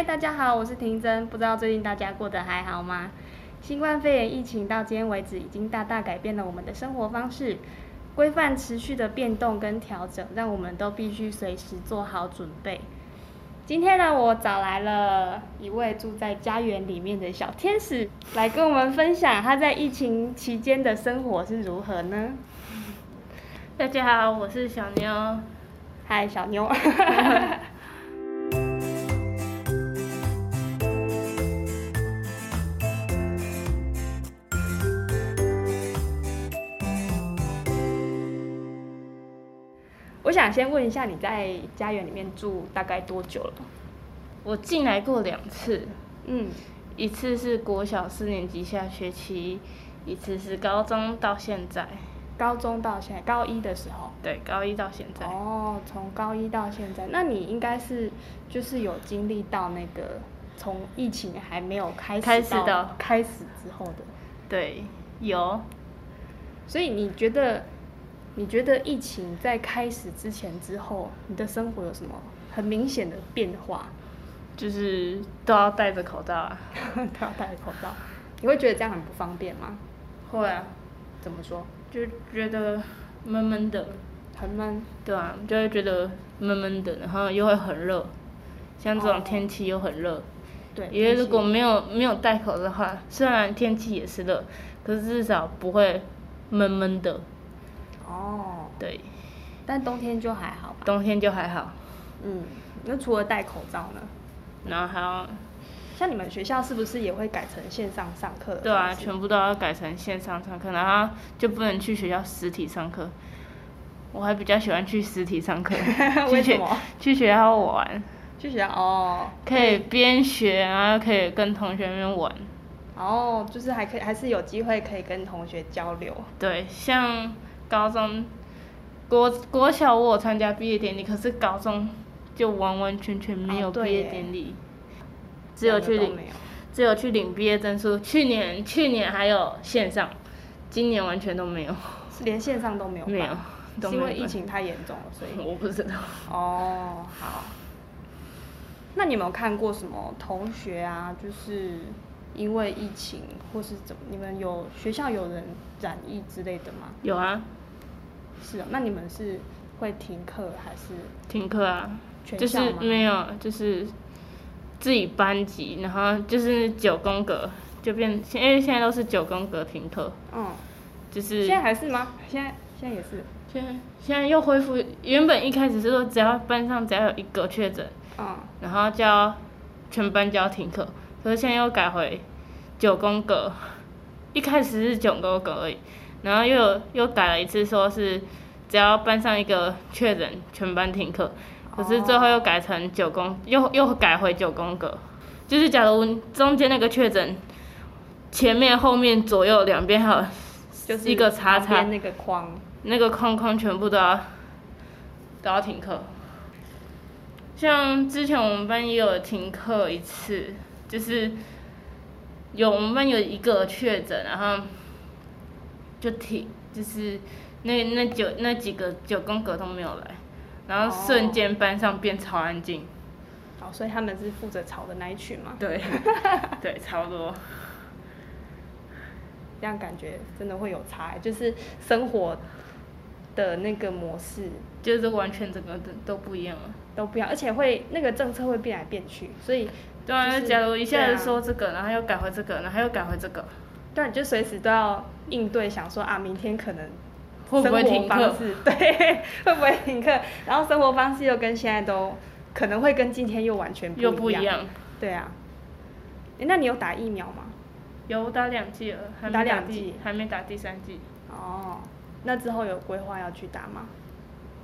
嗨，大家好，我是婷珍。不知道最近大家過得還好嗎？新冠肺炎疫情到今天為止，已經大大改變了我們的生活方式，規範持續的變動跟調整，讓我們都必須隨時做好準備。今天呢，我找來了一位住在家園裡面的小天使，來跟我們分享他在疫情期間的生活是如何呢？大家好，我是小妞。嗨，小妞。 想先問一下，你在家園裡面住大概多久了？我進來過兩次，嗯，一次是國小四年級下學期，一次是高中到現在。高中到現在，高一的時候。對，高一到現在。哦，從高一到現在，那你應該是就是有經歷到那個從疫情還沒有開始開始到開始之後的，對，有。所以你覺得？你覺得疫情在開始之前之後，你的生活有什麼很明顯的變化？就是都要戴着口罩啊， 都要戴着口罩。你會覺得這樣很不方便嗎？會啊。怎麼說？就覺得悶悶的，很悶。對啊，就會覺得悶悶的，然後又會很熱。像這種天氣又很熱。哦，對。因為如果沒有氣沒有戴口罩的話，雖然天氣也是熱，可是至少不會悶悶的。哦，對，但冬天就還好吧。冬天就還好。嗯，那除了戴口罩呢？然後還要，像你們學校是不是也會改成線上上課？對啊，全部都要改成線上上課，然後就不能去學校實體上課。我還比較喜歡去實體上課， 去學為什麼？去學校玩，去學校哦，可以邊學啊，嗯、然後可以跟同學們玩。哦，就是還可以，還是有機會可以跟同學交流。對，像。高中，國國小我有參加畢業典禮，可是高中就完完全全沒有畢業典禮，哦、只有去領，有沒有只有去領畢業證書。去年去年還有線上，對今年完全都沒有，是連線上都沒有。沒有，都沒有是因為疫情太嚴重了，所以我不知道。哦，好，那你有沒有看過什麼同學啊？就是因為疫情或是怎麼，你們有學校有人染疫之類的嗎？嗯、有啊。是啊，哦，那你們是會停課還是停課啊？就是沒有，就是自己班級，然後就是九宮格，就變，因為現在都是九宮格停課。嗯，就是現在還是嗎？現在現在也是，現在現在又恢復。原本一開始是說，只要班上只要有一個確診，嗯，然後就要全班就要停課，可是現在又改回九宮格。一開始是九宮格而已。然後又有又改了一次，說是只要班上一個確診，全班停課。可是最後又改成九宮，又又改回九宮格。就是假如中間那個確診，前面、後面、左右兩邊還有，就是一個叉叉那個框，那個框框全部都要都要停課。像之前我們班也有停課一次，就是有我們班有一個確診，然後。就停，就是那那九那幾個九宮格都沒有來，然後瞬間班上變超安靜。哦，所以他們是負責吵的那一群嘛？對， 對，差不多。這樣感覺真的會有差，欸，就是生活的那個模式，就是完全整個都都不一樣了，都不一樣，而且會那個政策會變來變去，所以、就是、對啊，假如一下子說這個，啊、然後又改回這個，然後又改回這個。那你就隨時都要應對，想說啊，明天可能生會不會停課？對，會不會停課？然後生活方式又跟現在都可能會跟今天又完全不一樣。一樣對啊、欸，那你有打疫苗嗎？有打兩劑了，還打兩劑，還沒打第，打沒打第三劑哦，那之後有規劃要去打嗎？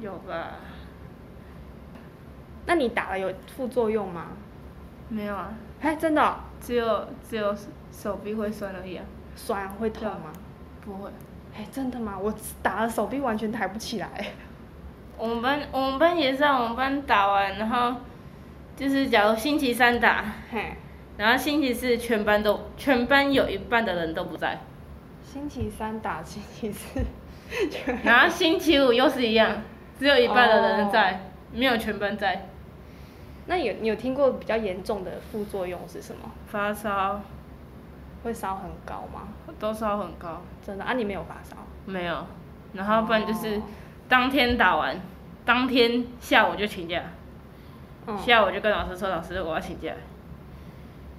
有吧。那你打了有副作用嗎？沒有啊。哎、欸，真的、哦，只有只有手臂會酸而已啊。酸、啊、會痛嗎？不會。哎、欸，真的嗎？我打了手臂完全抬不起來耶。我們班我們班也是、啊、我們班打完，然後就是假如星期三打，嘿，然後星期四全班都全班有一半的人都不在。星期三打，星期四， 然後星期五又是一樣，嗯、只有一半的人在，哦、沒有全班在。那有你有聽過比較嚴重的副作用是什麼？發燒。會燒很高嗎？都燒很高，真的啊！你沒有發燒？沒有。然後不然就是當天打完，當天下午就請假，下午就跟老師說：“老師，我要請假。”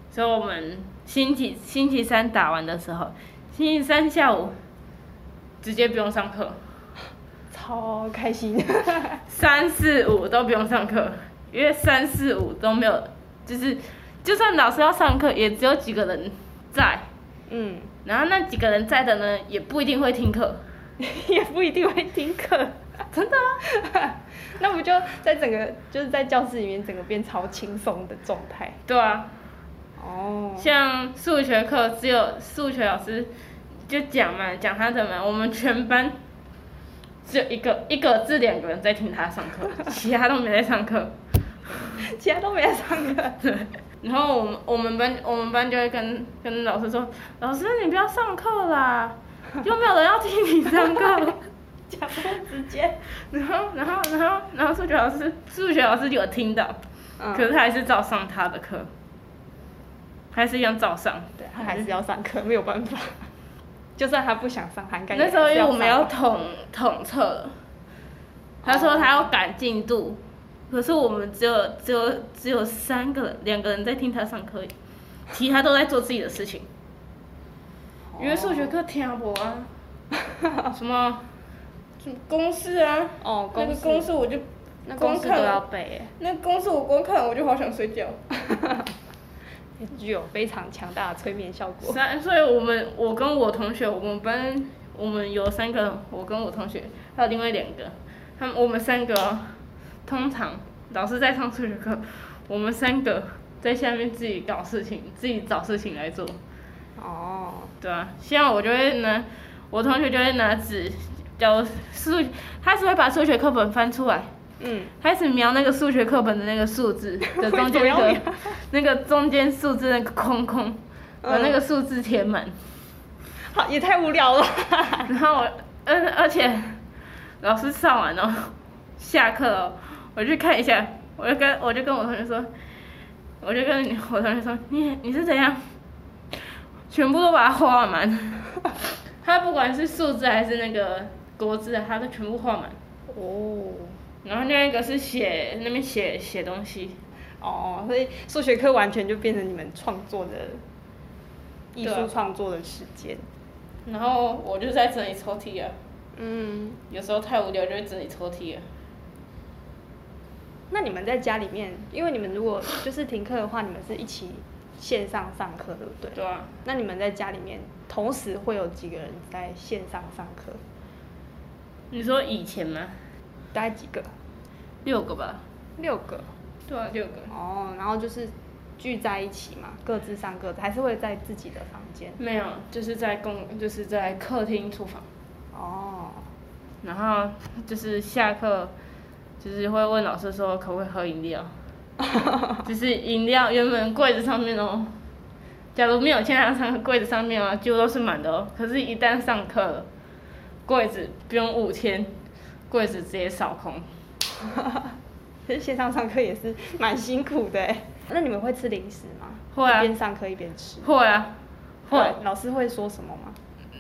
所以我們星期星期三打完的時候，星期三下午直接不用上課，超開心。三四五都不用上課，因為三四五都沒有，就是就算老師要上課，也只有幾個人。在，嗯，然後那幾個人在的呢，也不一定會聽課，也不一定會聽課， 真的啊嗎， 那不就在整個就是在教室裡面整個變超輕鬆的狀態，對啊，哦，像數學課只有數學老師就講嘛，講他的嘛，我們全班只有一個一個至兩個人在聽他上課， 其他都沒在上課，其他都沒在上課， 對。然後我們我們班我們班就會跟跟老師說，老師你不要上課啦，又沒有人要聽你上課，講得太 直接。然後然後然後然後數學老師數學老師有聽到，嗯、可是他還是照上他的課，還是一樣照上，對還是他還是要上課，沒有辦法。 就算他不想上，還感覺那時候因為我們要統統測，策他說他要趕進度。Oh, okay. 可是我們只有只有只有三個人，兩個人在聽他上課，其他都在做自己的事情。因為數學課聽不懂啊？什麼？公式啊？哦，那個公式我就，那公式都要背。那公式我光看我就好想睡覺。 具有非常強大的催眠效果。是、啊，所以我們我跟我同學，我們班我們有三個，我跟我同學還有另外兩個，他們我們三個、啊。通常老師在上數學課，我們三個在下面自己搞事情，自己找事情來做。哦，oh. 對啊，現在我就會拿，我同學就會拿紙，教數，開始會把數學課本翻出來，嗯，開始描那個數學課本的那個數字 的中間、那個、那個中間數字那個空空，把那個數字填滿。好、嗯，也太無聊了。然後我，嗯，而且老師上完了、哦，下課哦。我去看一下，我就跟我就跟我同學說，我就跟我同學說，你你是怎樣，全部都把它畫滿，他 不管是數字還是那個國字，他都全部畫滿。哦。然後另一個是寫那邊寫寫東西。哦，所以數學課完全就變成你們創作的，藝術創作的時間。然後我就在整理抽屜啊。嗯。有時候太無聊就會整理抽屜啊。那你們在家裡面，因為你們如果就是停課的話，你們是一起線上上課，對不對？對啊。那你們在家裡面同時會有幾個人在線上上課？你說以前嗎？大概幾個？六個吧。六個？對啊，六個。哦，然後就是聚在一起嘛，各自上各自，還是會在自己的房間？沒有，就是在公，就是在客廳、廚房。哦。然後就是下課。就是會問老師說可不可以喝飲料， 就是飲料原本櫃子上面哦，假如沒有線上上課櫃子上面啊就都是滿的哦，可是一旦上課，櫃子不用五天，櫃子直接掃空，哈哈，線上上課也是蠻辛苦的。 那你們會吃零食嗎？會，一邊上課一邊吃。會啊，會。老師會說什麼嗎？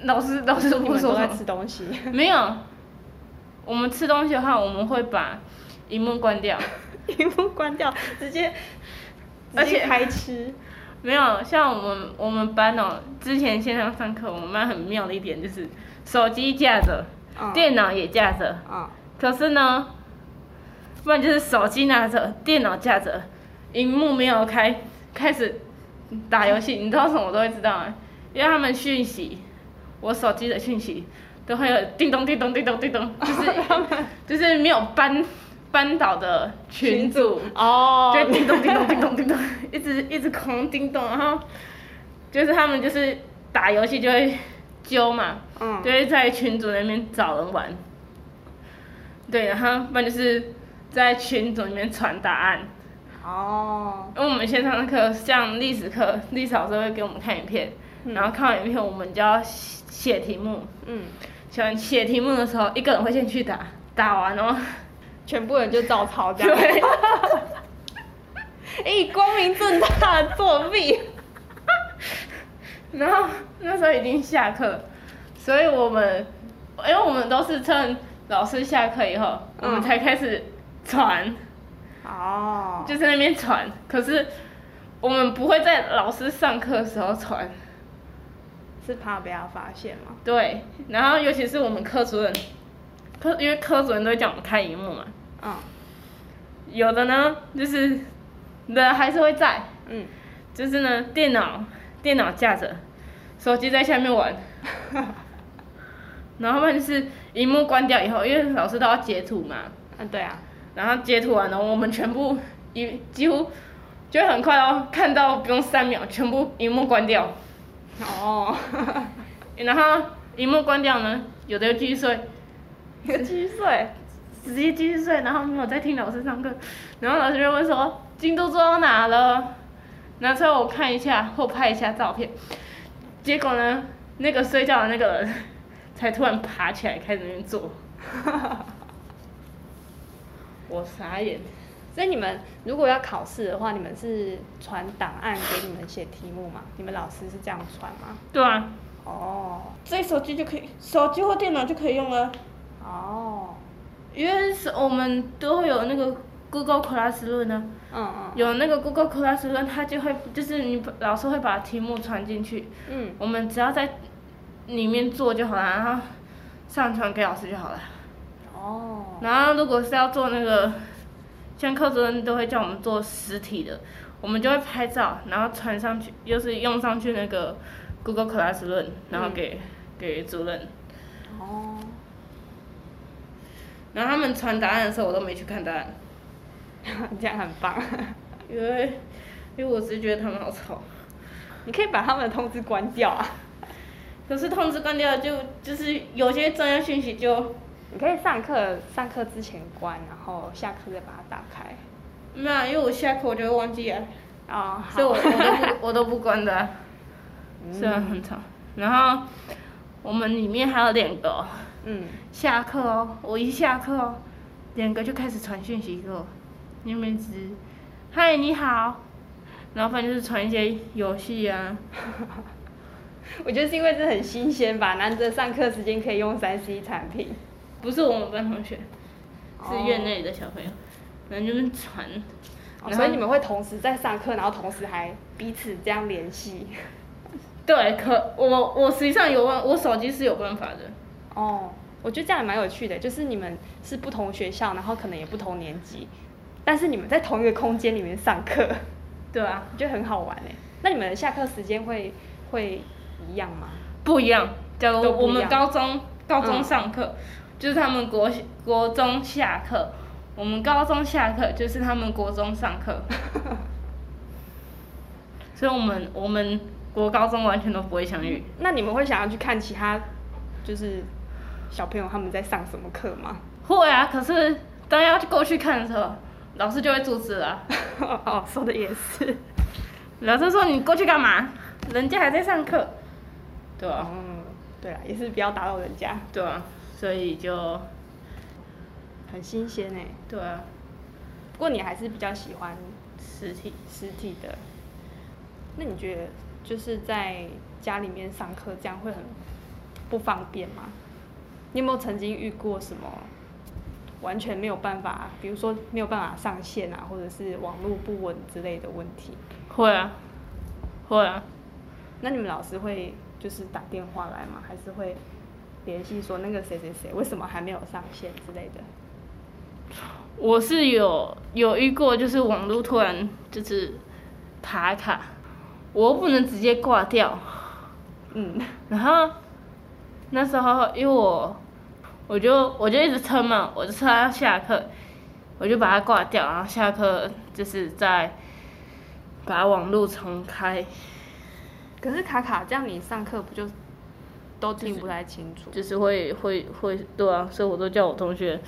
老師老師不是說什麼。你們都在吃東西。沒有。我們吃東西的話，我們會把螢幕關掉，螢 幕關掉，直接直接開吃。沒有像我們我們班哦，之前線上上課，我們班很妙的一點就是手機架着，哦、電腦也架着。哦、可是呢，不然就是手機拿着，電腦架着，螢幕沒有開，開始打遊戲。你知道什麼？我都會知道、啊，因為他們訊息，我手機的訊息。都會有叮咚叮咚叮咚叮咚，叮咚，就是就是沒有搬搬倒的群組哦，就叮咚叮咚叮咚叮咚，一直一直狂叮咚，然後就是他們就是打遊戲就會揪嘛，嗯，就會在群組那邊找人玩，對，然後不然就是在群組裡面傳答案哦。Oh. 因為我們線上上課像歷史課，歷史老師會給我們看影片，然後看完影片我們就要寫題目，嗯。嗯寫題目的時候，一個人會先去打，打完嘍、哦，全部人就照抄這樣子 對。哎， 光明正大的作弊。 然後那時候已經下課，所以我們，因為我們都是趁老師下課以後，嗯、我們才開始傳。哦。Oh. 就在那邊傳，可是我們不會在老師上課的時候傳。是怕被他發現嘛，對，然後尤其是我們科主任，科因為科主任都會叫我們開熒幕嘛。啊、嗯，有的呢，就是人還是會在。嗯。就是呢，電腦電腦架着，手機在下面玩。 然後問題是熒幕關掉以後，因為老師都要截圖嘛。啊，對啊。然後截圖完了，我們全部一幾乎就會很快哦，看到不用三秒，全部熒幕關掉。哦，oh, 然後熒幕關掉呢，有的又繼續睡，繼續睡，繼續睡，直接繼續睡，然後沒有在聽老師上課，然後老師就問說：“進度做到哪了？拿出來我看一下，或拍一下照片。”結果呢，那個睡覺的那個人才突然爬起來開始在那邊做， 我傻眼。所以你們如果要考試的話，你們是傳檔案給你們寫題目嗎？你們老師是這樣傳嗎？對啊。哦。Oh, 這手機就可以，手機或電腦就可以用了，啊。哦。Oh. 因為是我們都會有那個 Google Classroom 呢，啊、嗯嗯。Oh. 有那個 Google Classroom，他就會就是你老師會把題目傳進去。嗯。我們只要在裡面做就好了，然後上傳給老師就好了。哦。Oh. 然後如果是要做那個。像科主任都會叫我們做實體的，我們就會拍照，然後傳上去，又是用上去那個 Google Classroom，然後給、嗯、給主任。哦。然後他們傳答案的時候，我都沒去看答案。這樣很棒，因為因為我只是覺得他們好吵。你可以把他們的通知關掉啊。可是通知關掉就，就就是有些重要訊息就。你可以上課，上課之前關，然後下課再把它打開。沒有，因為我下課我就會忘記啊，哦、好，所以我 我都不我都不關的，雖然很吵。然後我們裡面還有兩個，嗯，下課哦，我一下課哦，兩個就開始傳訊息給我。你有沒有知？嗨，你好，然後反正就是傳一些遊戲啊。 我覺得是因為這很新鮮吧，難得上課時間可以用三 C 產品。不是我們班同學，是院內的小朋友，可能、oh. 就是傳。Oh, 然後所以你們會同時在上課，然後同時還彼此這樣聯繫。對，可我我實際上有問我手機是有辦法的。哦，oh, 我覺得這樣也蠻有趣的，就是你們是不同學校，然後可能也不同年級，但是你們在同一個空間裡面上課。對啊，我覺得很好玩哎。那你們下課時間會會一樣嗎？不一樣，我們高中高中上課。嗯嗯就是他們國國中下課我們高中下課，就是他們國中上課， 所以我們我們國高中完全都不會相遇。那你們會想要去看其他，就是小朋友他們在上什麼課嗎？會啊，可是當要過去看的時候，老師就會阻止了啊。 哦，說的也是。老師說，你過去幹嘛？人家還在上課。對啊，嗯，對啊，也是不要打擾人家。對啊。所以就很新鮮呢、欸。對啊。不過你還是比較喜歡實體實體的。那你覺得就是在家裡面上課，這樣會很不方便嗎？你有沒有曾經遇過什麼完全沒有辦法，比如說沒有辦法上線啊，或者是網絡不穩之類的問題？會啊，會啊。那你們老師會就是打電話來嗎？還是會？聯繫說那個誰誰誰，為什麼還沒有上線之類的，我是有有遇過，就是網絡突然就是卡卡，我又不能直接掛掉，嗯，然後那時候因為我我就我就一直撐嘛，我就撐到下課，我就把它掛掉，然後下課就是再把網絡重開，可是卡卡這樣你上課不就？都聽不太清楚，就是，就是會會會，對啊，所以我都叫我同學，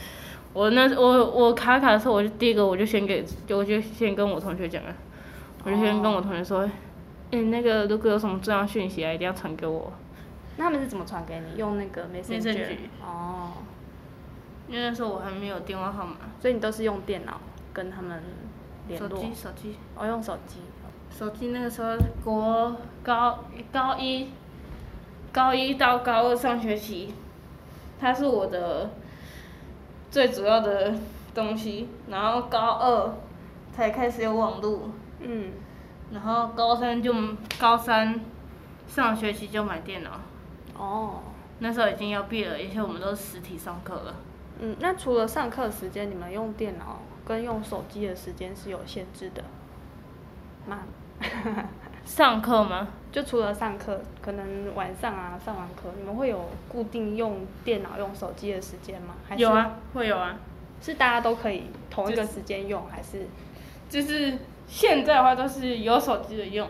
我那我我卡卡的時候，我就第一個我就先給，就，我就先跟我同學講啊，我就先跟我同學說，你、oh. 欸、那個如果有什麼重要訊息啊，一定要傳給我。那他們是怎麼傳給你？用那個微信？微哦。因為那時候我還沒有電話號碼，所以你都是用電腦跟他們聯絡。手機手機，我、oh, 用手機，手機那個時候國高高一。高一高一到高二上學期，它是我的最主要的東西。然後高二才開始有網絡。嗯。然後高三就高三上學期就買電腦。哦，那時候已經要畢業了，而且我們都是實體上課了。嗯，那除了上課時間，你們用電腦跟用手機的時間是有限制的嗎？ 上課嗎？就除了上課，可能晚上啊上完課，你們會有固定用電腦、用手機的時間嗎？還是？有啊，會有啊，是大家都可以同一個時間用，就是，還是？就是現在的話都是有手機的用，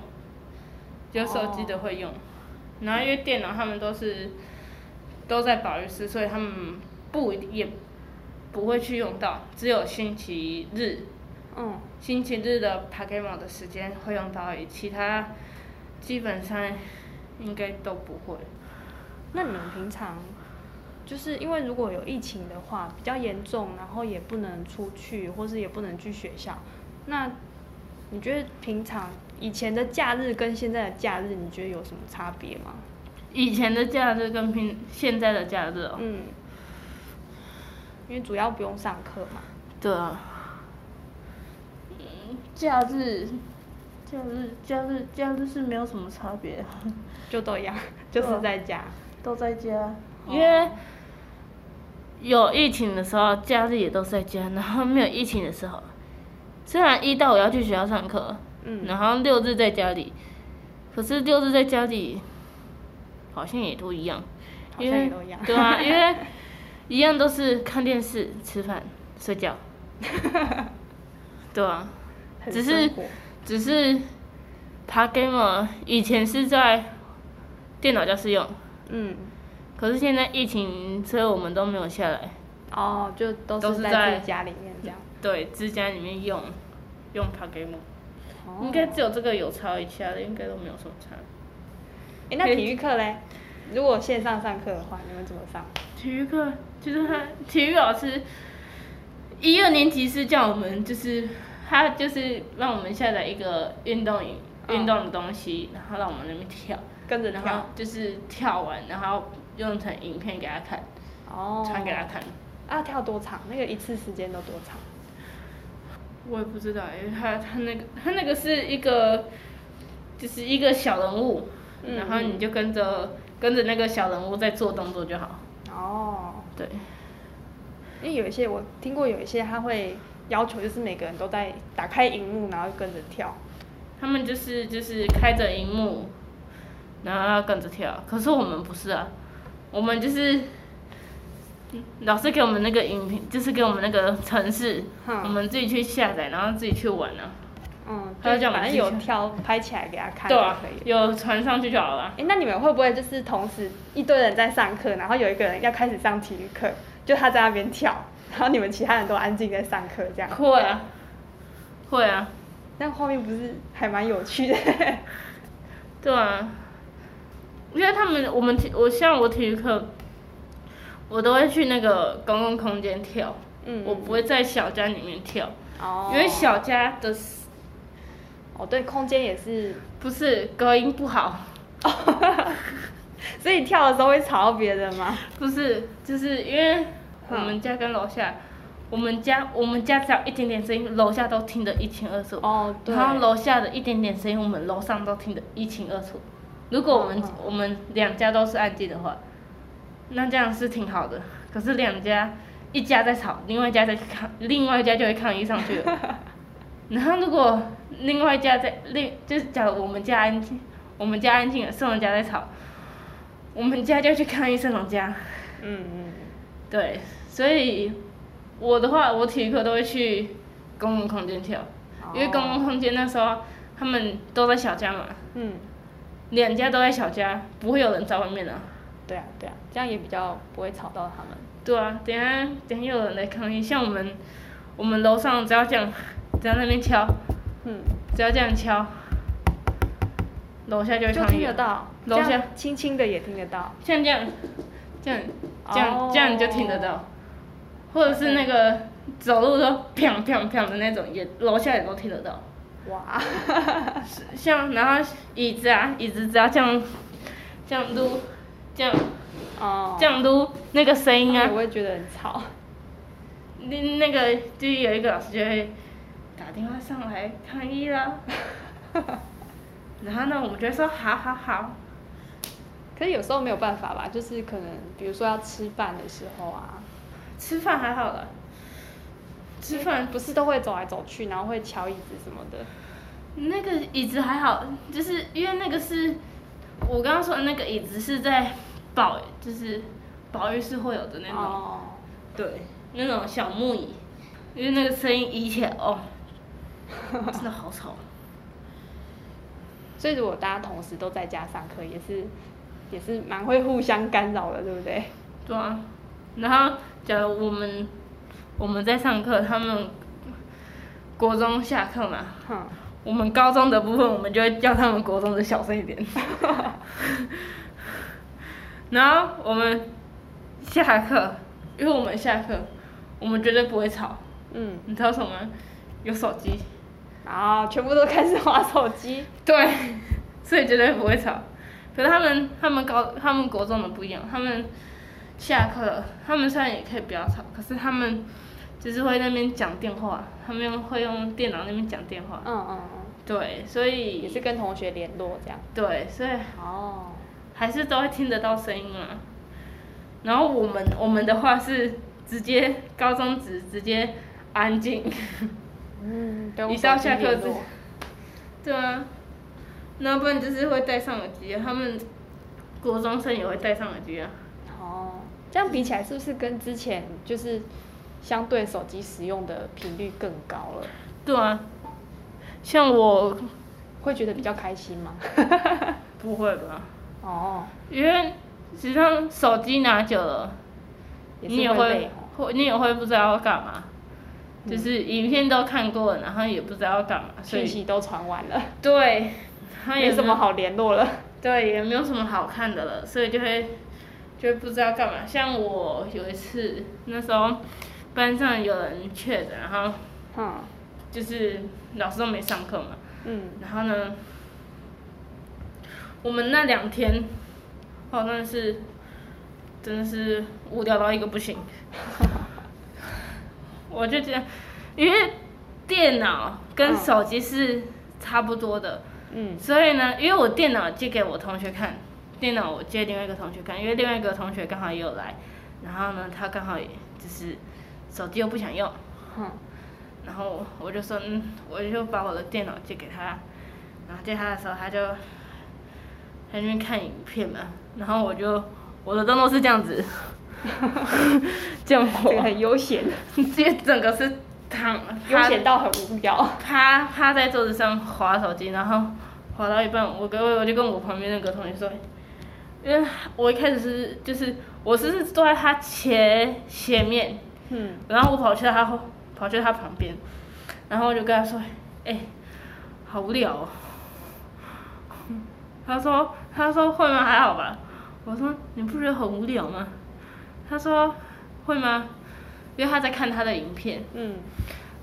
有手機的會用，哦，然後因為電腦他們都是都在保育室，所以他們不也不會去用到，只有星期日。嗯，星期日的 Pokemon 的時間會用到以，其他基本上應該都不會。那你們平常就是因為如果有疫情的話比較嚴重，然後也不能出去，或是也不能去學校。那你覺得平常以前的假日跟現在的假日，你覺得有什麼差別嗎？以前的假日跟平現在的假日，哦，嗯，因為主要不用上課嘛。對啊。假日、假日、假日、假日是沒有什麼差別，啊，就都一樣，就是在家，都、都在家。因為有疫情的時候，假日也都是在家，然後沒有疫情的時候，雖然一到五要去學校上課，嗯，然後六日在家裡，可是六日在家裡好像也都一樣，因為都一樣。對啊，因為一樣都是看電視、吃飯、睡覺， 對啊。只是，只是 PaGamO 以前是在電腦教室用，嗯，可是現在疫情，所以我們都沒有下來。哦，就都是在，都是在家裡面這樣。對，自家裡面用，用 PaGamO，哦，應該只有這個有差一下，應該都沒有什麼差。誒，那體育課嘞，課如果線上上課的話，你們怎麼上？體育課其實、就是、他體育老師，一二年級是叫我們就是。他就是讓我們下載一個運動運動的東西，哦、然後讓我們那邊跳，跟着跳，然後就是跳完，然後用成影片給他看，哦，傳給他看。啊，跳多長？那個一次時間都多長？我也不知道，因為他他那個他那個是一個，就是一個小人物，嗯、然後你就跟着跟着那個小人物在做動作就好。哦，對，因為有一些我聽過，有一些他會。要求就是每個人都在打開熒幕，就是就是、幕，然後跟着跳。他們就是就是開着熒幕，然後跟着跳。可是我們不是啊，我們就是老師給我們那個影片，就是給我們那個程式，哼我們自己去下載，然後自己去玩呢、啊。嗯，後就反正有跳拍起來給他看，對啊，有傳上去就好了。哎、欸，那你們會不會就是同時一堆人在上課，然後有一個人要開始上體育課，就他在那邊跳？然後你們其他人都安靜在上課，這樣。會啊，對會啊，但畫面不是還蠻有趣的。對啊，因為他們我們體我像我體育課，我都會去那個公共空間跳，嗯、我不會在小家裡面跳。哦、嗯。因為小家的，哦對，空間也是。不是隔音不好。哈哈哈。所以你跳的時候會吵到別人嗎？不是，就是因為。我們家跟樓下，我們家我們家只要一點點聲音，樓下都聽得一清二楚。哦、oh, 對，然後樓下的一點點聲音，我們樓上都聽得一清二楚。如果我們、oh. 我們兩家都是安靜的話，那這樣是挺好的。可是兩家一家在吵，另外一家在抗，另外一家就會抗議上去了。 然後如果另外一家在另就是假如我們家安靜，我們家安靜了，是人家在吵，我們家就去抗議人家在。嗯嗯、mm。Hmm. 對。所以我的話，我體育課都會去公共空間跳，Oh. 因為公共空間那時候他們都在小家嘛，嗯，兩家都在小家，不會有人在外面的，啊，對啊對啊，這樣也比較不會吵到他們。對啊，等一下等一下有人來抗議，像我們我們樓上只要這樣只要在那邊敲，嗯，只要這樣敲，樓下就會就聽得到，樓下輕輕的也聽得到，像這樣，這樣這樣、Oh. 這樣你就聽得到。或者是那個走路都砰砰砰的那種，也樓下也都聽得到，哇，哈哈哈，像然後椅子啊，椅子只要這樣這樣擼，這樣哦，這樣擼那個聲音啊，我也覺得很吵。那那個就有一個老師就會打電話上來抗議了，然後呢，我們就會說好好好，可是有時候沒有辦法吧，就是可能比如說要吃飯的時候啊。吃飯還好了，吃飯不是都會走來走去，然後會敲椅子什麼的。那個椅子還好，就是因為那個是我剛剛說的那個椅子是在保，就是保育室會有的那種，哦、對，那種小木椅，因為那個聲音一切哦，真的好吵。 所以如果大家同時都在家上課，也是也是蠻會互相干擾的，對不對？對啊。然後，假如我們我們在上課，他們國中下課嘛，我們高中的部分我們就會叫他們國中的小聲一點。然後我們下課，因為我們下課，我們絕對不會吵。嗯，你知道什麼？有手機，然後全部都開始玩手機。對，所以絕對不會吵。可是他們，他們高，他們國中的不一樣，他們。下課了，他們雖然也可以不要吵，可是他們就是會在那邊講電話，他們會用電腦那邊講電話。嗯嗯嗯。嗯嗯對，所以也是跟同學聯絡這樣。對，所以。哦、還是都會聽得到聲音啊。然後我們我們的話是直接高中直直接安靜。嗯，一到下課絡對啊。那不然就是會戴上耳機、啊，他們國中生也會戴上耳機啊。哦，這樣比起來，是不是跟之前就是相對手機使用的頻率更高了？對啊，像我會覺得比較開心嗎？ 不會吧？哦，因為實際上手機拿久了，你也會也是會累哦、會你也會不知道要幹嘛，嗯、就是影片都看過了，然後也不知道要幹嘛，訊息都傳完了，對，也沒什麼好聯絡了，嗯、對，也沒有什麼好看的了，所以就會。就不知道幹嘛，像我有一次那時候班上有人確診，然後嗯，就是老師都沒上課嘛，嗯，然後呢，我們那兩天，哦那是，真的是真的是無聊到一個不行， 我就這樣，因為電腦跟手機是差不多的，嗯，所以呢，因為我電腦借給我同學看。電腦我借另外一個同學看，因為另外一個同學剛好也有來，然後呢，他剛好也就是手機又不想用，哼、嗯，然後我就說，嗯，我就把我的電腦借給他，然後借他的時候，他就在那邊看影片嘛，然後我就我的動作是這樣子， 這樣子活，這個很悠閒，直接整個是躺，悠閒到很無聊，趴趴在桌子上滑手機，然後滑到一半，我跟我我就跟我旁邊那個同學說。因為我一開始是就是我是坐在他前前面，嗯，然後我跑去他後跑去他旁邊，然後我就跟他說，哎，好無聊哦。他說他說會嗎？還好吧。我說你不覺得很無聊嗎？他說會嗎？因為他在看他的影片，嗯，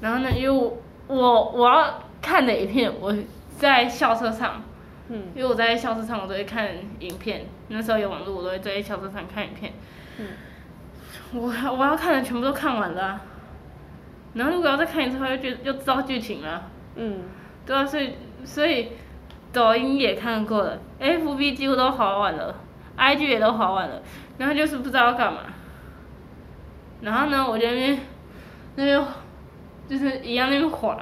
然後呢，因為我我要看的影片，我在校車上，嗯，因為我在校車上我都會看影片。那時候有網絡，我都會在小劇場看影片。嗯。我我要看的全部都看完了啊，然後如果要再看一次的話，就覺就知道劇情了啊。嗯。對啊，所以所以抖音也看過了，FB 幾乎都滑完了，IG 也都滑完了，然後就是不知道要幹嘛。然後呢，我就那邊，那邊就是一樣那邊滑，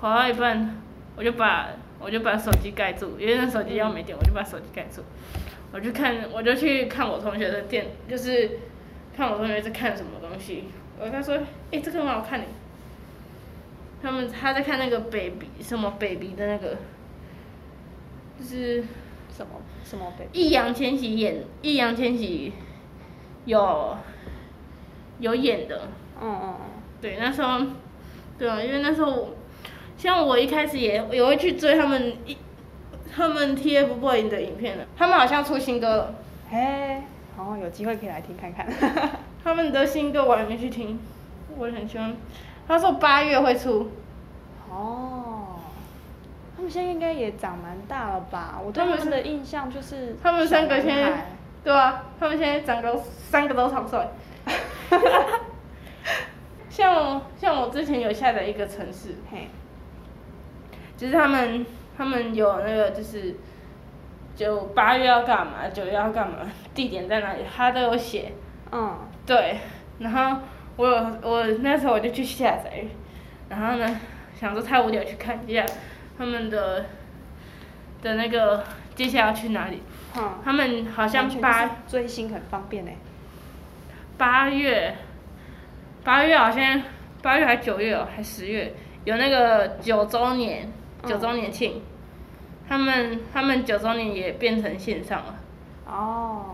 滑到一半，我就把我就把手機蓋住，因為那手機要沒電，我就把手機蓋住。嗯嗯我就看，我就去看我同學的電，就是看我同學在看什麼東西。我跟他說，誒、欸，這個很好看耶。他們他在看那個 baby 什麼 baby 的那個，就是什麼什麼 baby？易烊千玺演，易烊千玺有有演的。哦哦哦。對，那時候對啊，因為那時候我像我一開始也也會去追他們一。他們 TFBOYS 的影片，他們好像出新歌了，嘿，然後有機會可以來聽看看。 他們的新歌我還沒去聽，我很喜歡。他說八月會出。哦，他們現在應該也長蠻大了吧？我對他們的印象就是。他們三個現在，對啊，他們現在長高，三個都超帥。哈哈哈。像像我之前有下載一個城市，嘿，就是他們。他們有那個就是，就八月要幹嘛，九月要幹嘛，地點在哪裡，他都有寫。嗯，對。然後我有我那時候我就去下載，然後呢，想說太無聊，去看一下他們的的那個接下來要去哪裡。嗯，他們好像八追星很方便嘞。八月，八月好像八月還九月哦，還十月有那個九周年。九周年慶、oh, okay.，他們他們九周年也變成線上了。哦。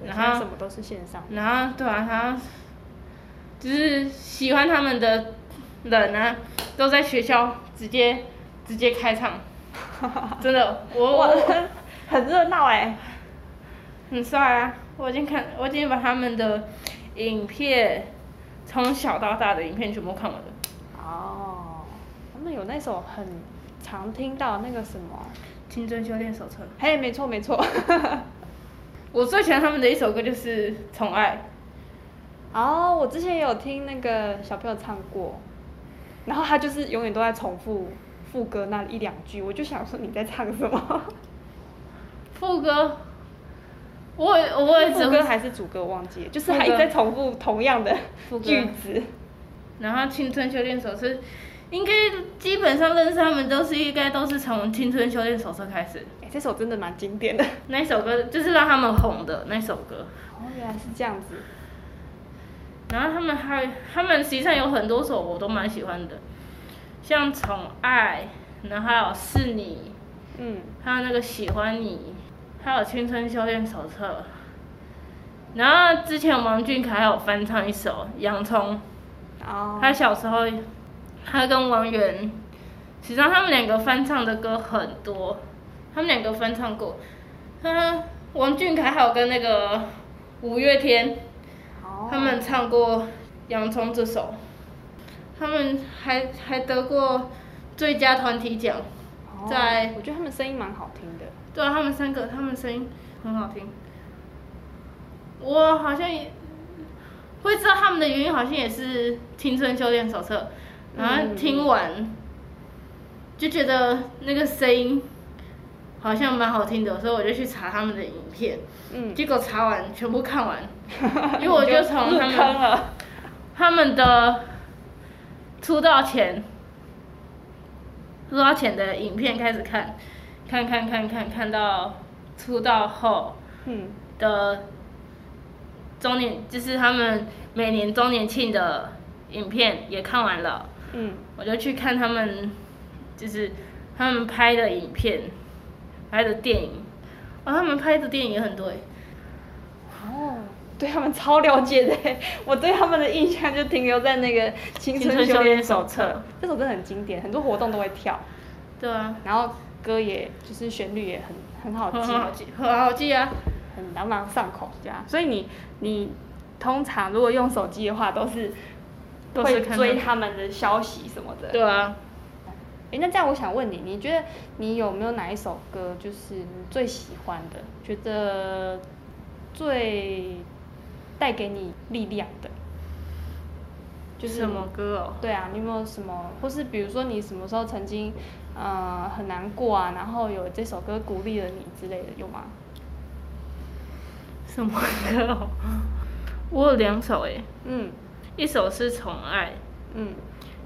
Oh, 然後什麼都是線上。然後對啊，然後，就是喜歡他們的人、啊，人呢都在學校直接直接開唱， 真的，我我 Wow, 很熱鬧哎，很帥啊！我已經看，我已經把他們的影片從小到大的影片全部看完了。哦，oh, 他們有那首很。常聽到那個什麼《青春修煉手冊》，嘿，hey，沒錯沒錯， 我最喜歡他們的一首歌就是《寵愛》。哦，oh, 我之前也有聽那個小朋友唱過，然後他就是永遠都在重複副歌那一兩句，我就想說你在唱什麼？ 副歌，我也我也副歌還是主歌，我忘記了，就是還在重複同樣的句子歌。然後《青春修煉手冊》。應該基本上認識他們都是應該都是從《青春修煉手冊》開始，這首真的蠻經典的，那一首歌就是讓他們紅的那一首歌。哦，原來是這樣子。然後他們還有，他們實際上有很多首我都蠻喜歡的，像《寵愛》，然後還有《是你》，嗯，還有那個《喜歡你》，還有《青春修煉手冊》。然後之前王俊凱還有翻唱一首《洋蔥》，他小時候。他跟王源，實際上他們兩個翻唱的歌很多，他們兩個翻唱過。嗯、啊，王俊凱還有跟那個五月天，Oh. 他們唱過《洋蔥》這首。他們還還得過最佳團體獎。Oh. 在，我覺得他們聲音蠻好聽的。對啊，他們三個，他們聲音很好聽。我好像也會知道他們的原因，好像也是《青春修煉手冊》。啊，嗯、然後聽完就覺得那個聲音好像蠻好聽的，所以我就去查他們的影片。嗯。結果查完，全部看完。哈哈呵。因為我就從他，他們的出道前，出道前的影片開始看，看看看看看到出道後的周年，嗯、就是他們每年周年慶的影片也看完了。嗯，我就去看他們，就是他們拍的影片、拍的電影，哦，他們拍的電影也很多哎。哦，對他們超了解的，我對他們的印象就停留在那個《青春修煉手冊》手。嗯、這首歌很經典，很多活動都會跳。對啊。然後歌也就是旋律也很很好記，很好，好，好，好記啊，很朗朗上口這樣。所以你你通常如果用手機的話，都是。會追他們的消息什麼的。對啊。哎、欸，那這樣我想問你，你覺得你有沒有哪一首歌就是你最喜歡的，覺得最帶給你力量的？就是什麼歌哦？對啊，你有沒有什麼，或是比如說你什麼時候曾經，呃，很難過啊，然後有這首歌鼓勵了你之類的，有嗎？什麼歌哦？我有兩首哎、欸。嗯。一首是寵愛，嗯，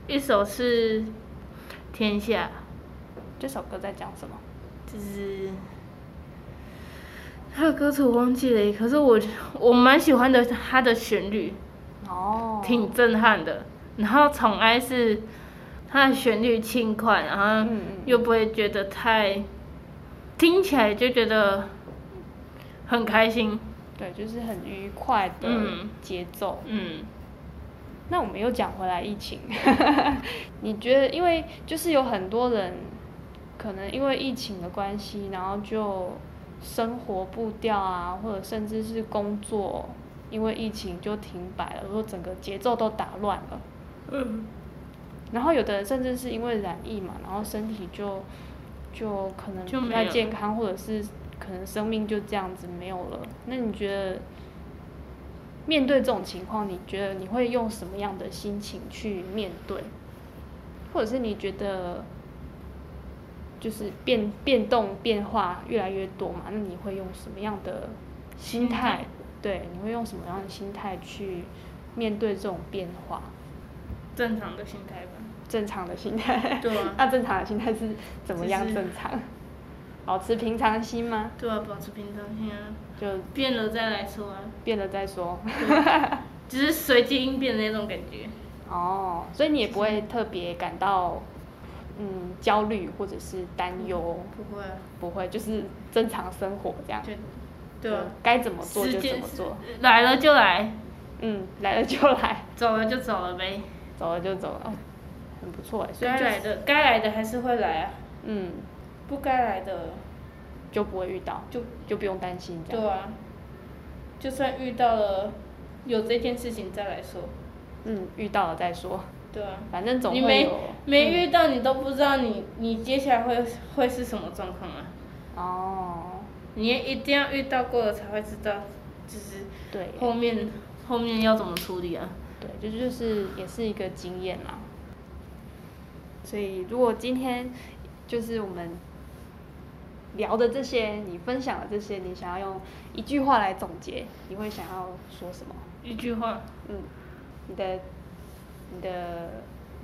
一首是天下。這首歌在講什麼？就是、呃、他的歌詞我忘記了，可是我我蠻喜歡的，他的旋律哦，oh. 挺震撼的。然後寵愛是他的旋律輕快，然後又不會覺得太聽起來就覺得很開心，對，就是很愉快的節奏，嗯。嗯那我們又講回來疫情， 你覺得，因為就是有很多人，可能因為疫情的關係，然後就生活步調啊，或者甚至是工作，因為疫情就停擺了，然後整個節奏都打亂了。嗯。然後有的人甚至是因為染疫嘛，然後身體就就可能不太健康，或者是可能生命就這樣子沒有了。那你覺得？面對這種情況，你覺得你會用什麼樣的心情去面對？或者是你覺得，就是變變動變化越來越多嘛？那你會用什麼樣的心態？心態對，你會用什麼樣的心態去面對這種變化？正常的心態吧。正常的心態。對嗎。那、啊、正常的心態是怎麼樣？正常。保持平常心嗎？對啊，保持平常心啊。就變了再來說啊。變了再說。就是隨機應變的那種感覺。哦，所以你也不會特別感到，嗯，焦慮或者是擔憂。不會。不會，就是正常生活這樣。對。對啊。就該怎麼做就怎麼做。來了就來。嗯，來了就來。走了就走了唄。走了就走了。很不錯哎。該來的該來的還是會來啊。嗯。不該來的就不會遇到，就就不用擔心這樣。對啊，就算遇到了，有這件事情再來說。嗯，遇到了再說。對啊，反正總會有。你沒沒遇到，你都不知道你你接下來會會是什麼狀況啊？哦，你也一定要遇到過了才會知道，就是對，後面後面要怎麼處理啊？對，這就是也是一個經驗啦。所以，如果今天就是我們。聊的這些，你分享的這些，你想要用一句話來總結，你會想要說什麼？一句話。嗯，你的，你的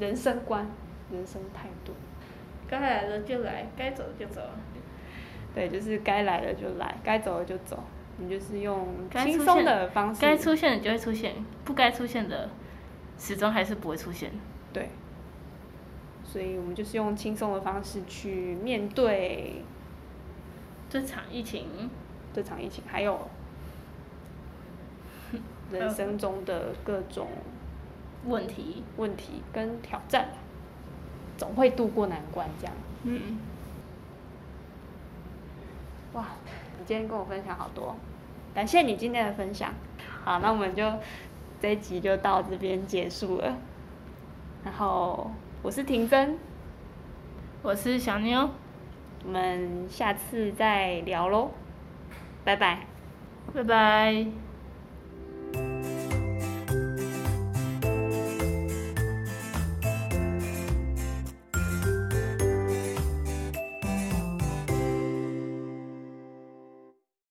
人生觀，人生態度，該來了就來，該走就走。對，就是該來的就來，該走的就走。你就是用輕鬆的方式。該出現,出現的就會出現，不該出現的，始終還是不會出現。對，所以我們就是用輕鬆的方式去面對。這場疫情，這場疫情，還有人生中的各種問題、問題跟挑戰，總會度過難關。這樣，嗯，哇，你今天跟我分享好多，感謝你今天的分享。好，那我們就這一集就到這邊結束了。然後，我是婷真，我是小妞。我們下次再聊嘍，拜拜、拜拜。